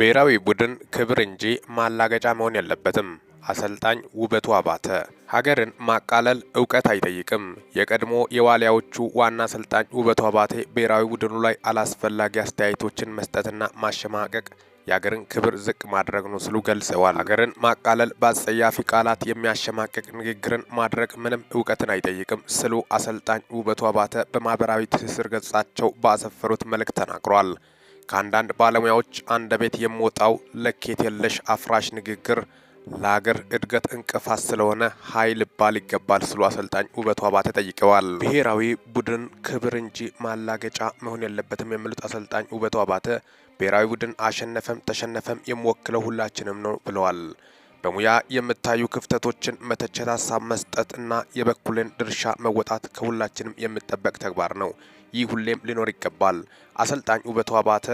ብሔራዊ ቡድን ክብር እንጂ ማላገጫ መሆን የለበትም። አሰልጣኝ ውበቱ አባተ ሀገርን ማቃለል እውቀት አይጠይቅም። የቀድሞ የዋሊያዎቹ ዋና አሰልጣኝ ውበቱ አባቴ ብሔራዊ ቡድኑ ላይ አላስፈላጊ አስተያየቶችን መስጠትና ማሸማቀቅ የሀገርን ክብር ዝቅ ማድረግ ነው ሲሉ ገልጸዋል። ሀገርን ማቃለል በአጸያፊ ቃላት የሚያሸማቅቅ ንግግርን ማድረግ ምንም እውቀትን አይጠይቅም ሲሉ አሰልጣኝ ውበቱ አባተ በማህበራዊ ትስስር ገጻቸው ባሰፈሩት መልእክት ተናግሯል። ከአንዳንድ ባለሙያዎች አንደበት የሚወጣው ለኬት የለሽ አፍራሽ ንግግር ለሀገር እድገት እንቅፋት ስለሆነ ሀይ ልባል ይገባል ስሉ አሰልጣኝ ውበቱ አባተ ጠይቀዋል። ብሔራዊ ቡድን ክብር እንጂ ማላገጫ መሆን የለበትም የሚሉት አሰልጣኝ ውበቱ አባተ ብሔራዊ ቡድን አሸነፈም ተሸነፈም የሚወክለው ሁላችንም ነው ብለዋል። በሙያ የምታዩ ክፍተቶችን መተቸት፣ ሀሳብ መስጠት እና የበኩልን ድርሻ መወጣት ከሁላችንም የሚጠበቅ ተግባር ነው። ይህ ሁሌም ሊኖር ይገባል። አሰልጣኝ ውበቱ አባተ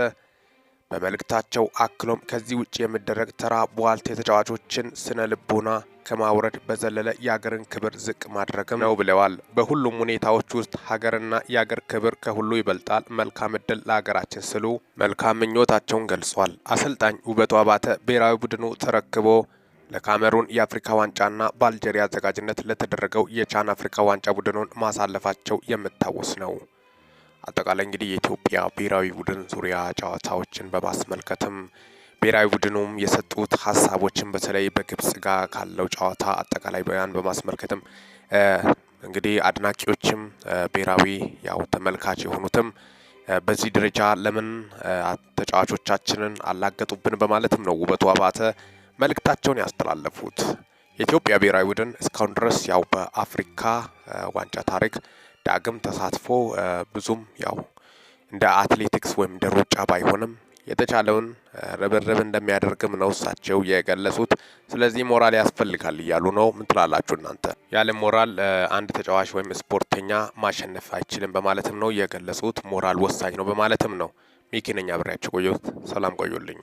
በመልእክታቸው አክሎም ከዚህ ውጭ የሚደረግ ተራ ቧልት የተጫዋቾችን ስነ ልቦና ከማውረድ በዘለለ የአገርን ክብር ዝቅ ማድረግም ነው ብለዋል። በሁሉም ሁኔታዎች ውስጥ ሀገርና የአገር ክብር ከሁሉ ይበልጣል። መልካም እድል ለሀገራችን ስሉ መልካም ምኞታቸውን ገልጿል። አሰልጣኝ ውበቱ አባተ ብሔራዊ ቡድኑ ተረክቦ ለካሜሩን የአፍሪካ ዋንጫና በአልጄሪያ አዘጋጅነት ለተደረገው የቻን አፍሪካ ዋንጫ ቡድኑን ማሳለፋቸው የሚታወስ ነው። አጠቃላይ እንግዲህ የኢትዮጵያ ብሔራዊ ቡድን ዙሪያ ጨዋታዎችን በማስመልከትም ብሔራዊ ቡድኑም የሰጡት ሀሳቦችን በተለይ በግብጽ ጋር ካለው ጨዋታ አጠቃላይ ያን በማስመልከትም እንግዲህ አድናቂዎችም ብሔራዊ ያው ተመልካች የሆኑትም በዚህ ደረጃ ለምን ተጫዋቾቻችንን አላገጡብን በማለትም ነው ውበቱ አባተ መልእክታቸውን ያስተላለፉት። የኢትዮጵያ ብሔራዊ ቡድን እስካሁን ድረስ ያው በአፍሪካ ዋንጫ ታሪክ ዳግም ተሳትፎ ብዙም ያው እንደ አትሌቲክስ ወይም እንደ ሩጫ ባይሆንም የተቻለውን ርብርብ እንደሚያደርግም ነው እሳቸው የገለጹት። ስለዚህ ሞራል ያስፈልጋል እያሉ ነው። ምን ትላላችሁ እናንተ? ያለ ሞራል አንድ ተጫዋች ወይም ስፖርተኛ ማሸነፍ አይችልም በማለትም ነው የገለጹት። ሞራል ወሳኝ ነው በማለትም ነው። ሚኪነኛ ብሬያቸው አብሬያቸው ቆየሁት። ሰላም ቆዩልኝ።